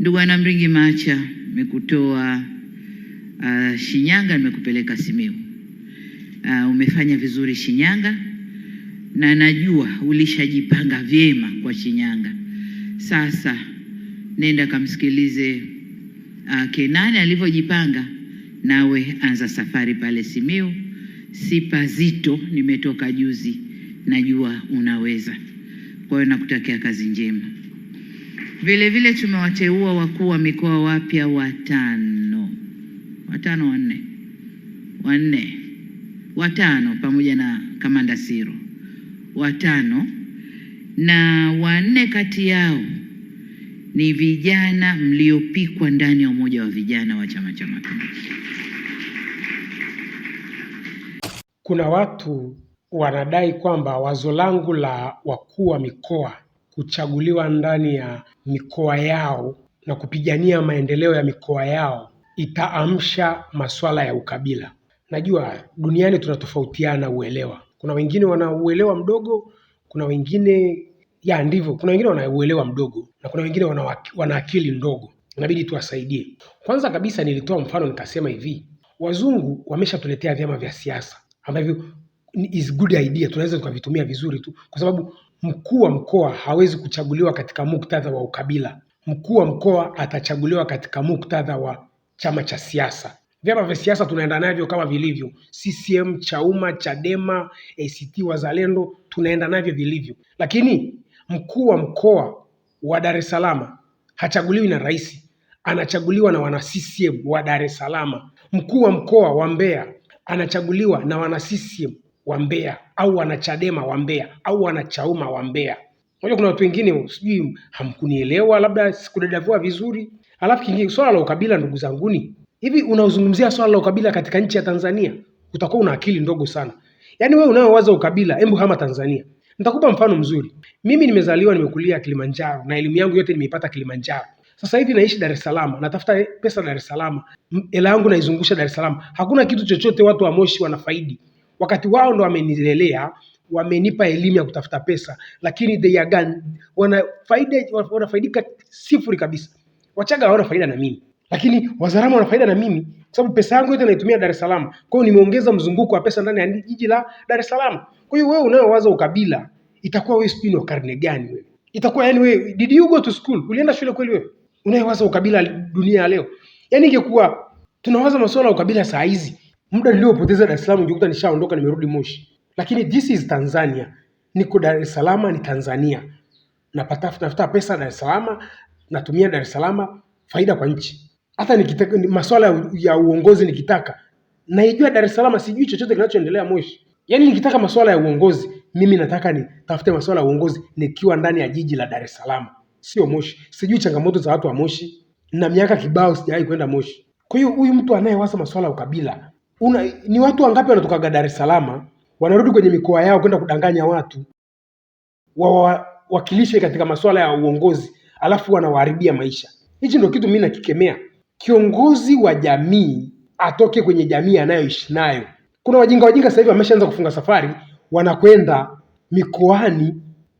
Ndugu ana mringi Macha, nimekutoa uh, Shinyanga, nimekupeleka simiu Uh, ah, umefanya vizuri Shinyanga na najua ulishajipanga vyema kwa Shinyanga. Sasa nenda kamsikilize uh, Kenani alivyojipanga, nawe anza safari pale simiu Si pazito, nimetoka juzi, najua unaweza. Kwa hiyo nakutakia kazi njema vile vile tumewateua wakuu wa mikoa wapya watano watano wanne wanne watano pamoja na kamanda Siro watano, na wanne kati yao ni vijana mliopikwa ndani ya umoja wa vijana wa Chama cha Mapinduzi. Kuna watu wanadai kwamba wazo langu la wakuu wa mikoa kuchaguliwa ndani ya mikoa yao na kupigania maendeleo ya mikoa yao itaamsha masuala ya ukabila. Najua duniani tunatofautiana uelewa, kuna wengine wanauelewa mdogo, kuna wengine ya ndivyo, kuna wengine wanauelewa mdogo na kuna wengine wana akili ndogo, inabidi tuwasaidie. Kwanza kabisa nilitoa mfano nikasema hivi, wazungu wameshatuletea vyama vya siasa ambavyo is good idea, tunaweza tukavitumia vizuri tu, kwa sababu Mkuu wa mkoa hawezi kuchaguliwa katika muktadha wa ukabila. Mkuu wa mkoa atachaguliwa katika muktadha wa chama cha siasa. Vyama vya siasa tunaenda navyo kama vilivyo, CCM, Chauma, Chadema, ACT Wazalendo, tunaenda navyo vilivyo. Lakini mkuu wa mkoa wa Dar es Salaam hachaguliwi na rais, anachaguliwa na wana CCM wa Dar es Salaam. Mkuu wa mkoa wa Mbeya anachaguliwa na wana CCM wa Mbeya au wanachadema wa Mbeya au wanachauma wa Mbeya. Unajua kuna watu wengine sijui hamkunielewa, labda sikudadavua vizuri. Alafu kingine swala la ukabila, ndugu zanguni, hivi unaozungumzia swala la ukabila katika nchi ya Tanzania utakuwa una akili ndogo sana. Yaani wewe unayowaza ukabila, hebu hama Tanzania. Nitakupa mfano mzuri. Mimi nimezaliwa nimekulia Kilimanjaro na elimu yangu yote nimeipata Kilimanjaro. Sasa hivi naishi Dar es Salaam, natafuta pesa Dar es Salaam, hela yangu naizungusha Dar es Salaam. Hakuna kitu chochote watu wa Moshi wanafaidi wakati wao ndo wamenilelea, wamenipa elimu ya kutafuta pesa, lakini they are gone, wanafaida wanafaidika sifuri kabisa. Wachaga hawana faida na mimi, lakini Wazarama wana faida na mimi kwa sababu pesa yangu yote naitumia Dar es Salaam. Kwa hiyo nimeongeza mzunguko wa pesa ndani ya jiji la Dar es Salaam. Kwa hiyo wewe unayowaza ukabila, itakuwa wewe spin wa karne gani wewe? Itakuwa yani wewe, did you go to school? Ulienda shule kweli wewe? Unayowaza ukabila dunia ya leo, yani ingekuwa tunawaza masuala ya ukabila saa hizi muda niliopoteza Dar es Salaam ningekuta nishaondoka nimerudi Moshi, lakini this is Tanzania, niko Dar es Salaam, ni Tanzania, napata tafuta pesa Dar es Salaam, natumia Dar es Salaam, faida kwa nchi. Hata nikitaka masuala ya uongozi nikitaka naijua Dar es Salaam, sijui chochote kinachoendelea Moshi. Yaani nikitaka masuala ya uongozi mimi nataka nitafute masuala ya uongozi nikiwa ndani ya jiji la Dar es Salaam, sio Moshi. Sijui changamoto za watu wa Moshi na miaka kibao sijawahi kwenda Moshi. Kwa hiyo huyu mtu anayewaza masuala ya ukabila una, ni watu wangapi wanatokaga Dar es Salaam wanarudi kwenye mikoa yao kwenda kudanganya watu wawawakilishe katika masuala ya uongozi, alafu wanawaharibia maisha. Hichi ndio kitu mimi nakikemea. Kiongozi wa jamii atoke kwenye jamii anayoishi nayo. Kuna wajinga wajinga sasa hivi wameshaanza kufunga safari, wanakwenda mikoani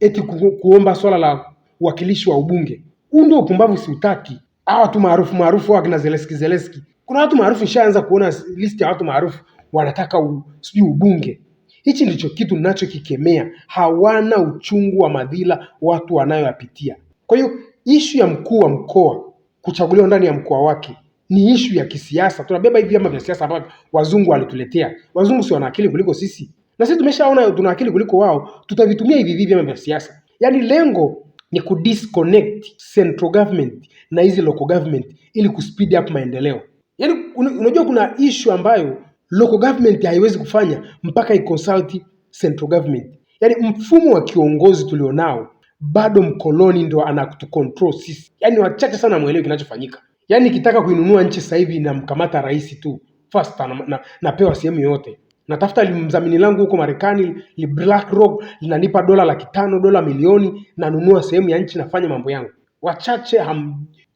eti ku, kuomba swala la uwakilishi wa ubunge. Huu ndio upumbavu utaki Hawa tu maarufu maarufu hawa Zelensky Zelensky kuna watu maarufu, nishaanza kuona list ya watu maarufu wanataka sijui ubunge. Hichi ndicho kitu ninachokikemea, hawana uchungu wa madhila watu wanayoyapitia. Kwa hiyo ishu ya mkuu wa mkoa kuchaguliwa ndani ya mkoa wake ni ishu ya kisiasa. Tunabeba hivi vyama vya siasa ambavyo wazungu walituletea. Wazungu si wana akili kuliko sisi, na sisi tumeshaona tuna akili kuliko wao, tutavitumia hivi hivi vyama vya siasa. Yaani lengo ni kudisconnect central government na hizi local government ili kuspeed up maendeleo. Yaani unajua kuna issue ambayo local government haiwezi kufanya mpaka iconsult central government. Yaani mfumo wa kiongozi tulionao bado mkoloni ndo anatucontrol sisi. Yaani wachache sana mwelewe kinachofanyika. Yaani nikitaka kuinunua nchi sasa hivi namkamata rais tu first na, na, napewa sehemu yote natafuta mzamini langu huko Marekani li Rock linanipa dola laki tano dola milioni, nanunua sehemu ya nchi, nafanya mambo yangu. Wachache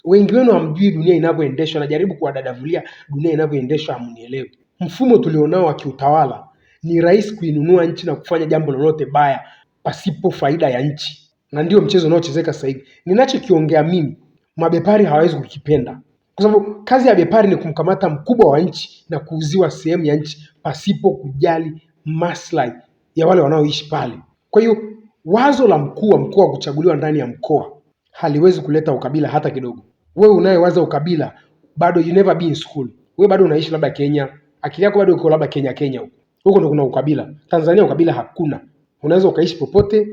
Wengi wenu hamjui dunia inavyoendeshwa, najaribu kuwadadavulia dunia inavyoendeshwa, hamnielewi. Mfumo tulionao wa kiutawala ni rahisi kuinunua nchi na kufanya jambo lolote baya pasipo faida ya nchi, na ndio mchezo unaochezeka sasa hivi. Ninachokiongea mimi mabepari hawawezi kukipenda, kwa sababu kazi ya bepari ni kumkamata mkubwa wa nchi na kuuziwa sehemu ya nchi pasipo kujali maslahi ya wale wanaoishi pale. Kwa hiyo wazo la mkuu wa mkoa kuchaguliwa ndani ya mkoa haliwezi kuleta ukabila hata kidogo wewe unayewaza ukabila bado you never been in school, wewe bado unaishi labda Kenya, akili yako bado uko labda Kenya Kenya huko huko ndo kuna ukabila. Tanzania ukabila hakuna, unaweza ukaishi popote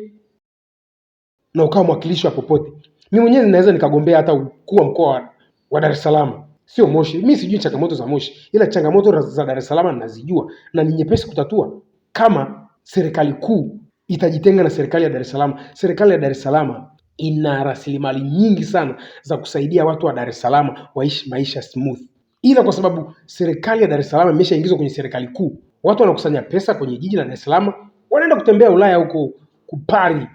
na ukawa mwakilishi wa popote. Mimi mwenyewe ninaweza nikagombea hata kuwa mkoa wa Dar es Salaam, sio Moshi. Mimi sijui changamoto za Moshi, ila changamoto za Dar es Salaam ninazijua na ni nyepesi kutatua kama serikali kuu itajitenga na serikali ya Dar es Salaam. Serikali ya Dar es Salaam ina rasilimali nyingi sana za kusaidia watu wa Dar es Salaam waishi maisha smooth, ila kwa sababu serikali ya Dar es Salaam imeshaingizwa kwenye serikali kuu, watu wanakusanya pesa kwenye jiji la Dar es Salaam, wanaenda kutembea Ulaya huko kupari,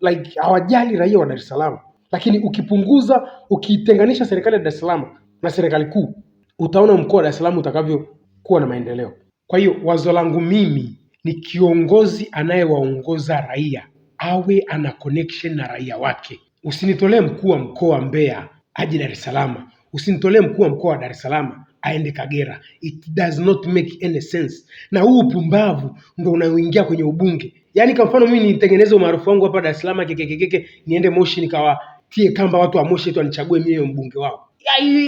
like hawajali raia wa Dar es Salaam. Lakini ukipunguza ukitenganisha serikali ya Dar es Salaam na serikali kuu, utaona mkoa wa Dar es Salaam utakavyokuwa na maendeleo. Kwa hiyo wazo langu mimi ni kiongozi anayewaongoza raia awe ana connection na raia wake. Usinitolee mkuu wa mkoa wa Mbeya aje Dar es Salaam, usinitolee mkuu wa mkoa wa Dar es Salaam aende Kagera. It does not make any sense. Na huu upumbavu ndo unaoingia kwenye ubunge. Yaani kwa mfano mimi nitengeneze umaarufu wangu hapa Dar es Salaam kekekeke, niende Moshi nikawatie kamba watu wa Moshi tu wanichague mimi mbunge wao,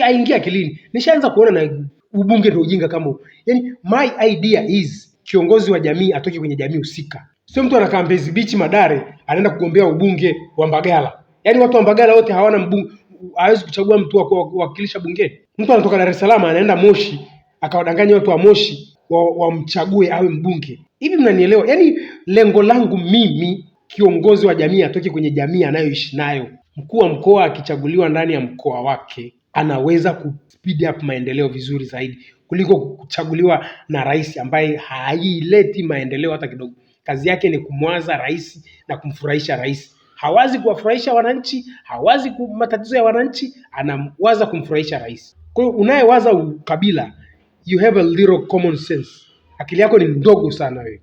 aingia akilini. Nishaanza kuona na ubunge ndo ujinga kama huu. Yaani my idea is kiongozi wa jamii atoke kwenye jamii husika, Sio mtu anakaa Mbezi Beach Madare anaenda kugombea ubunge wa Mbagala. Yaani watu wa Mbagala wote hawana mbunge, hawezi kuchagua mtu wa kuwakilisha bungeni. Mtu anatoka Dar es Salaam anaenda Moshi akawadanganya watu wa Moshi wamchague wa awe mbunge. Hivi mnanielewa? Yaani lengo langu mimi kiongozi wa jamii atoke kwenye jamii anayoishi nayo. Mkuu wa mkoa akichaguliwa ndani ya mkoa wake anaweza ku speed up maendeleo vizuri zaidi kuliko kuchaguliwa na rais ambaye haileti maendeleo hata kidogo kazi yake ni kumwaza rais na kumfurahisha rais. Hawazi kuwafurahisha wananchi, hawazi matatizo ya wananchi, anawaza kumfurahisha rais. Kwa hiyo unayewaza ukabila, you have a little common sense, akili yako ni ndogo sana wewe.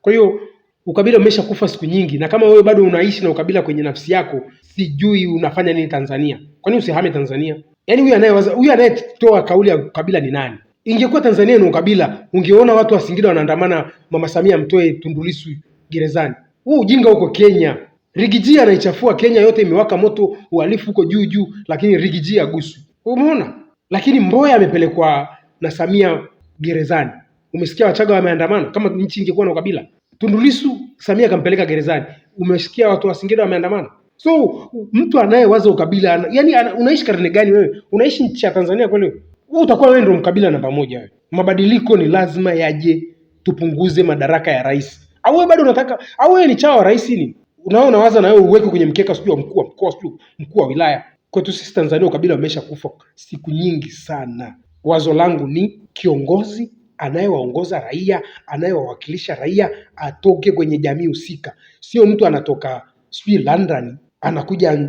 Kwa hiyo ukabila kufa siku nyingi, na kama wewe bado unaishi na ukabila kwenye nafsi yako, sijui unafanya nini Tanzania. Kwani usihame Tanzania? Yaani huyu anayewaza, huyu anayetoa kauli ya ukabila ni nani? Ingekuwa Tanzania ni ukabila, ungeona watu wa Singida wanaandamana Mama Samia mtoe Tundu Lissu gerezani. Huu ujinga huko Kenya. Rigiji anaichafua Kenya yote, imewaka moto, uhalifu huko juu juu, lakini Rigiji agusu. Umeona? Lakini Mboya amepelekwa na Samia gerezani. Umesikia Wachaga wameandamana? Kama nchi ingekuwa na ukabila, Tundu Lissu Samia akampeleka gerezani. Umesikia watu wa Singida wameandamana? So mtu anayewaza ukabila, yani unaishi karne gani wewe? Unaishi nchi ya Tanzania kweli? wewe utakuwa wewe ndio mkabila namba moja Mabadiliko ni lazima yaje, tupunguze madaraka ya rais. Au wewe bado unataka au wewe ni chawa wa rais ni? unao unawaza na wewe uweke kwenye mkeka sio mkuu wa mkoa sio mkuu wa wilaya. Kwetu sisi Tanzania ukabila umesha kufa siku nyingi sana. Wazo langu ni kiongozi anayewaongoza raia, anayewawakilisha raia atoke kwenye jamii husika, sio mtu anatoka sijui London anakuja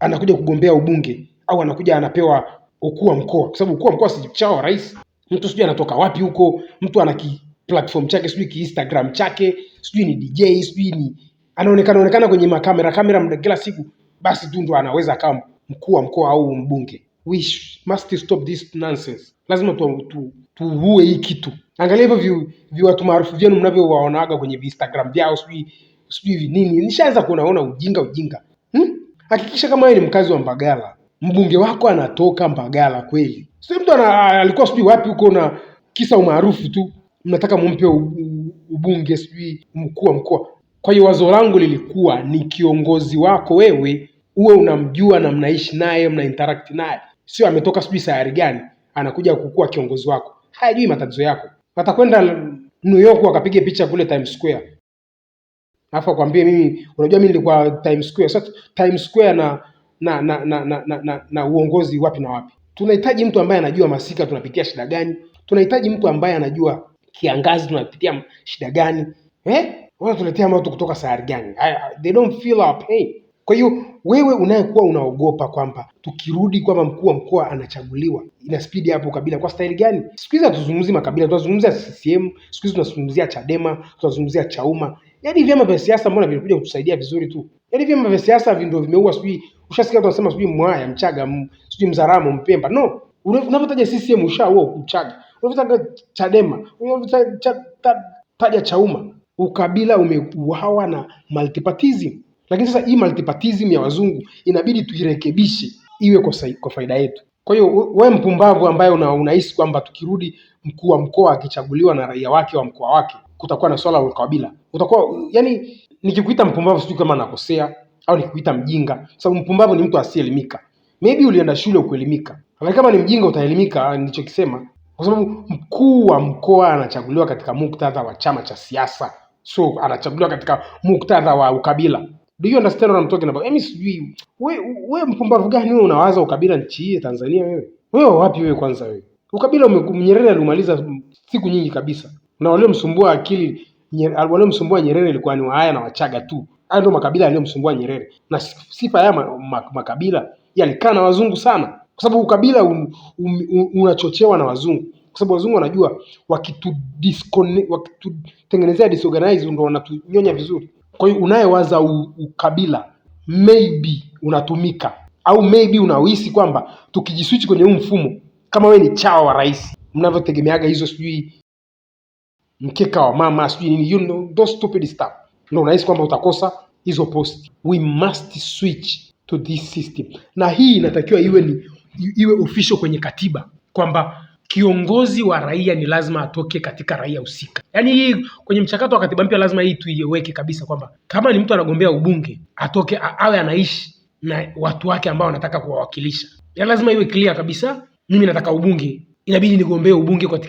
anakuja kugombea ubunge au anakuja anapewa ukuu wa mkoa, kwa sababu ukuu wa mkoa si chao rais. Mtu sijui anatoka wapi huko, mtu ana ki platform chake sijui ki Instagram chake sijui ni DJ sijui ni anaonekana onekana kwenye makamera kamera kila siku, basi tu ndo anaweza kama mkuu wa mkoa au mbunge. We must stop this nonsense. Lazima tu, tu, tuue hii kitu. Angalia hivyo vi, vi watu maarufu vyenu mnavyowaonaga kwenye Instagram vyao sijui sijui nini, nishaanza kuonaona ujinga ujinga hmm? Hakikisha kama wewe ni mkazi wa Mbagala mbunge wako anatoka Mbagala kweli, si mtu alikuwa sijui wapi huko, na kisa umaarufu tu mnataka mumpe ubunge sijui mkuu wa mkoa. Kwa hiyo wazo langu lilikuwa ni kiongozi wako wewe uwe unamjua na mnaishi naye mna interact naye, sio ametoka sijui sayari gani anakuja kukua kiongozi wako, hayajui matatizo yako. Atakwenda New York akapiga picha kule Times Square, alafu akwambie mimi, unajua mimi nilikuwa Times Square. Sasa Times Square na na na na, na, na, na na uongozi wapi na wapi. Tunahitaji mtu ambaye anajua masika tunapitia shida gani, tunahitaji mtu ambaye anajua kiangazi tunapitia shida gani eh? Wanatuletea watu kutoka sayari gani? They don't feel our pain. Kwa hiyo wewe unayekuwa unaogopa kwamba tukirudi kwamba mkuu wa mkoa anachaguliwa ina spidi hapo kabila kwa staili gani? Siku hizi hatuzungumzi makabila, tunazungumzia CCM, siku hizi tunazungumzia Chadema, tunazungumzia Chauma. Yaani vyama vya siasa mbona vilikuja kutusaidia vizuri tu. Yaani vyama vya siasa ndio vimeua sijui ushasikia watu wanasema sijui Mwaya, Mchaga, sijui Mzaramo, Mpemba. No, Unapotaja CCM ushaua Mchaga. Unapotaja Chadema, unavyotaja Chauma, ukabila umeuawa na multipartism. Lakini sasa hii multipartism ya wazungu inabidi tuirekebishe iwe kwa, kwa faida yetu. Kwa hiyo we mpumbavu ambaye una, unahisi kwamba tukirudi mkuu wa mkoa akichaguliwa na raia wake wa mkoa wake kutakuwa na swala la ukabila, utakuwa yani, nikikuita mpumbavu sijui kama nakosea au nikikuita mjinga, kwa sababu mpumbavu ni mtu asiyeelimika. Maybe ulienda shule ukuelimika, lakini kama ni mjinga utaelimika, ah, nilichokisema kwa sababu mkuu wa mkoa anachaguliwa katika muktadha wa chama cha siasa, so anachaguliwa katika muktadha wa ukabila do you understand what I'm talking about? Mimi yaani sijui wewe wewe mpumbavu gani wewe unawaza ukabila nchi hii Tanzania wewe? Wewe wapi wewe kwanza wewe? Ukabila Nyerere alimaliza siku nyingi kabisa. Na wale msumbua akili wale msumbua Nyerere ilikuwa ni Wahaya na Wachaga tu. Hayo ndio makabila yaliyomsumbua Nyerere. Na sifa ya makabila yalikaa na wazungu sana. Kwa sababu ukabila un, um, un, um, un, unachochewa na wazungu. Kwa sababu wazungu wanajua wakitu disconnect wakitutengenezea disorganize ndio wanatunyonya vizuri. Kwa hiyo unayewaza ukabila maybe unatumika au maybe unahisi kwamba tukijiswichi kwenye huu mfumo, kama wewe ni chawa wa rais, mnavyotegemeaga hizo sijui mkeka wa mama sijui nini, you know, those stupid stuff, ndio unahisi kwamba utakosa hizo posti. We must switch to this system, na hii inatakiwa iwe ni iwe official kwenye katiba kwamba kiongozi wa raia ni lazima atoke katika raia husika. Yaani hii kwenye mchakato wa katiba mpya lazima hii tuiweke kabisa, kwamba kama ni mtu anagombea ubunge atoke awe anaishi na watu wake ambao wanataka kuwawakilisha. Ya yaani lazima iwe clear kabisa, mimi nataka ubunge, inabidi nigombee ubunge kwa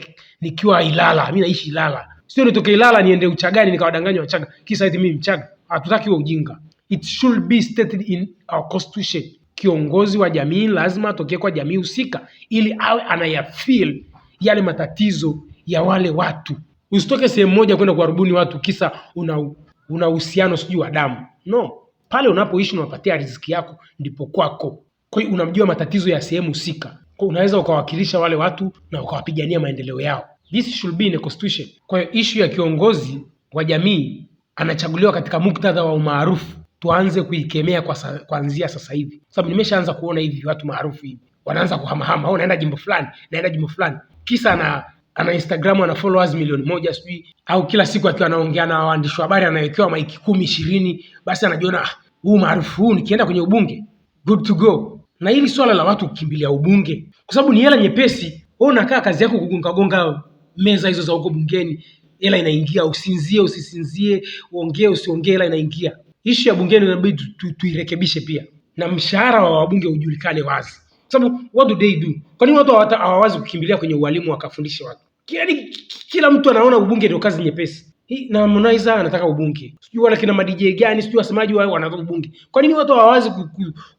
nikiwa Ilala, mimi naishi Ilala, sio nitoke Ilala niende Uchagani nikawadanganya Wachaga kisa eti mimi Mchaga. Hatutaki huo ujinga. It should be stated in our constitution kiongozi wa jamii lazima atokee kwa jamii husika, ili awe anayafeel yale matatizo ya wale watu. Usitoke sehemu moja kwenda kuharubuni watu kisa una una uhusiano sijui wa damu. No, pale unapoishi unapatia riziki yako ndipo kwako. Kwa hiyo unamjua matatizo ya sehemu husika, kwa unaweza ukawakilisha wale watu na ukawapigania maendeleo yao. This should be in a constitution. Kwa hiyo issue ya kiongozi wa jamii anachaguliwa katika muktadha wa umaarufu tuanze kuikemea kwa sa, kuanzia sasa hivi, kwa sababu nimeshaanza kuona hivi watu maarufu hivi wanaanza kuhamahama, au naenda jimbo fulani, naenda jimbo fulani, kisa na ana Instagram ana followers milioni moja sijui, au kila siku akiwa anaongea na waandishi wa habari anawekewa maiki kumi ishirini, basi anajiona ah, huu maarufu huu, nikienda kwenye ubunge good to go. Na hili swala la watu kukimbilia ubunge kwa sababu ni hela nyepesi, wewe unakaa kazi yako kugonga gonga meza hizo za huko bungeni, hela inaingia, usinzie usisinzie, uongee usiongee, hela inaingia ishu ya bungeni inabidi tuirekebishe pia, na mshahara wa wabunge ujulikane wazi, sababu what do they do? Kwa nini watu hawawazi kukimbilia kwenye ualimu wakafundisha watu? Yaani kila mtu anaona ubunge ndio kazi nyepesi na Harmonize anataka ubunge, sijui wala kina madj gani, sijui wasemaji wao wanataka ubunge. Kwa nini watu hawawazi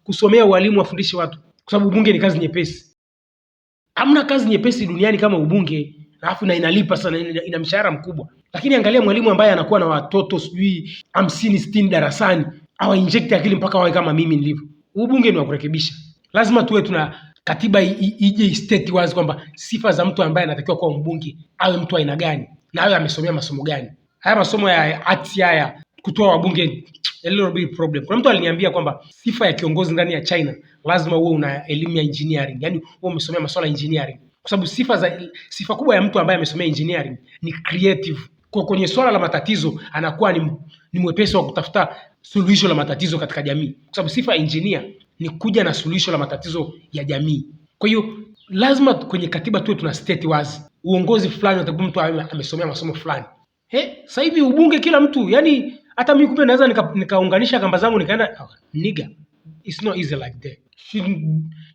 kusomea ualimu wafundishe watu? Kwa sababu ubunge ni kazi nyepesi. Hamna kazi nyepesi duniani kama ubunge, alafu na inalipa sana, ina, ina mshahara mkubwa. Lakini angalia mwalimu ambaye anakuwa na watoto sijui hamsini sitini darasani inject akili mpaka wawe kama mimi nilivyo. ubunge ni wa kurekebisha, lazima tuwe tuna katiba ije state wazi kwamba sifa za mtu ambaye anatakiwa kuwa mbunge awe mtu aina gani na awe amesomea masomo gani. Haya masomo ya ati haya kutoa wabunge a little bit problem. Kuna mtu aliniambia kwamba sifa ya kiongozi ndani ya China lazima uwe una elimu ya engineering, yani uwe umesomea masuala ya engineering, kwa sababu sifa za sifa kubwa ya mtu ambaye amesomea engineering ni creative kwa kwenye swala la matatizo anakuwa ni, ni mwepesi wa kutafuta suluhisho la matatizo katika jamii, kwa sababu sifa ya engineer ni kuja na suluhisho la matatizo ya jamii. Kwa hiyo lazima kwenye katiba tuwe tuna state wazi uongozi fulani, atakuwa mtu amesomea masomo fulani. He, sasa hivi ubunge kila mtu yani, hata mimi kumbe naweza nikaunganisha nika kamba zangu nikaenda oh, ah, nigga it's not easy like that should,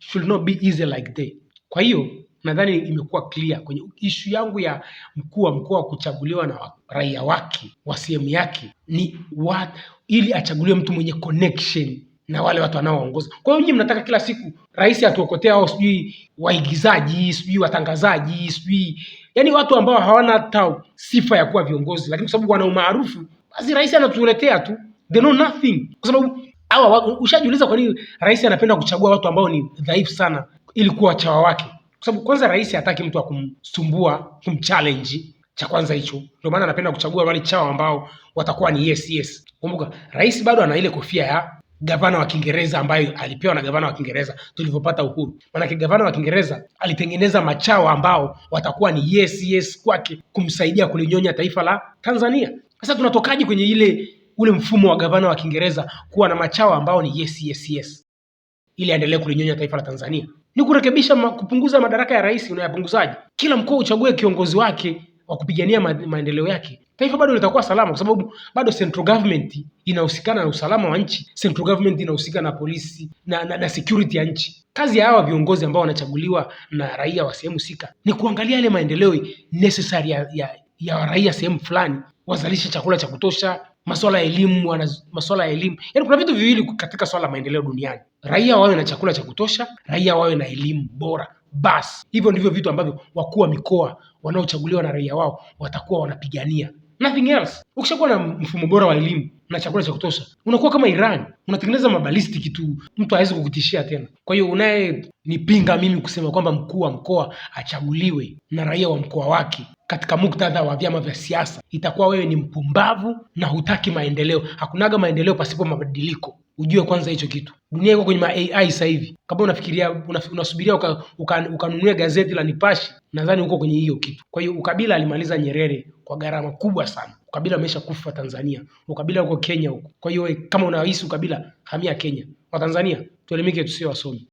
should not be easy like that. Kwa hiyo nadhani imekuwa clear kwenye ishu yangu ya mkuu wa mkoa kuchaguliwa na raia wake wa sehemu yake ni wa, ili achaguliwe mtu mwenye connection na wale watu wanaoongoza. Kwa hiyo nyinyi mnataka kila siku rais atuokotea au sijui waigizaji sijui watangazaji sijui yaani watu ambao hawana hata sifa ya kuwa viongozi, lakini kwa sababu wana umaarufu basi rais anatuletea tu, they know nothing, kwa sababu hawa ushajiuliza kwa nini rais anapenda kuchagua watu ambao ni dhaifu sana ili kuwa chawa wake kwa sababu kwanza rais hataki mtu akumsumbua kumchallenge cha kwanza hicho, ndio maana anapenda kuchagua wale chao ambao watakuwa ni yes yes. Kumbuka rais bado ana ile kofia ya gavana wa Kiingereza ambayo alipewa na gavana wa Kiingereza tulivyopata uhuru. Maanake gavana wa Kiingereza alitengeneza machao ambao watakuwa ni yes yes kwake kumsaidia kulinyonya taifa la Tanzania. Sasa tunatokaje kwenye ile ule mfumo wa gavana wa Kiingereza kuwa na machao ambao ni yes yes yes ili aendelee kulinyonya taifa la Tanzania? ni kurekebisha ma, kupunguza madaraka ya rais. Unayapunguzaje? Kila mkoa uchague kiongozi wake wa kupigania ma, maendeleo yake. Taifa bado litakuwa salama, kwa sababu bado central government inahusikana na usalama wa nchi. Central government inahusika na polisi na, na, na security ya nchi. Kazi ya hawa viongozi ambao wanachaguliwa na raia wa sehemu husika ni kuangalia yale maendeleo necessary ya, ya, ya raia sehemu fulani, wazalishe chakula cha kutosha masuala ya elimu, masuala ya elimu. Yaani kuna vitu viwili katika swala la maendeleo duniani, raia wawe na chakula cha kutosha, raia wawe na elimu bora. Basi hivyo ndivyo vitu ambavyo wakuu wa mikoa wanaochaguliwa na raia wao watakuwa wanapigania, nothing else. Ukishakuwa na mfumo bora wa elimu, na chakula cha kutosha, unakuwa kama Iran, unatengeneza mabalistiki tu, mtu hawezi kukutishia tena. Kwa hiyo unayenipinga mimi kusema kwamba mkuu wa mkoa achaguliwe na raia wa mkoa wake katika muktadha wa vyama vya siasa, itakuwa wewe ni mpumbavu na hutaki maendeleo. Hakunaga maendeleo pasipo mabadiliko. Ujue kwanza hicho kitu. Dunia iko kwenye ma AI sasa hivi. Kama unafikiria unasubiria ukanunua uka, uka, gazeti la nipashi nadhani uko kwenye hiyo kitu. Kwa hiyo ukabila alimaliza Nyerere kwa gharama kubwa sana. Ukabila kufa Tanzania, ukabila uko Kenya huko. Kwa hiyo kama unahisi ukabila, hamia Kenya. Watanzania tuelimike, tusio wasomi.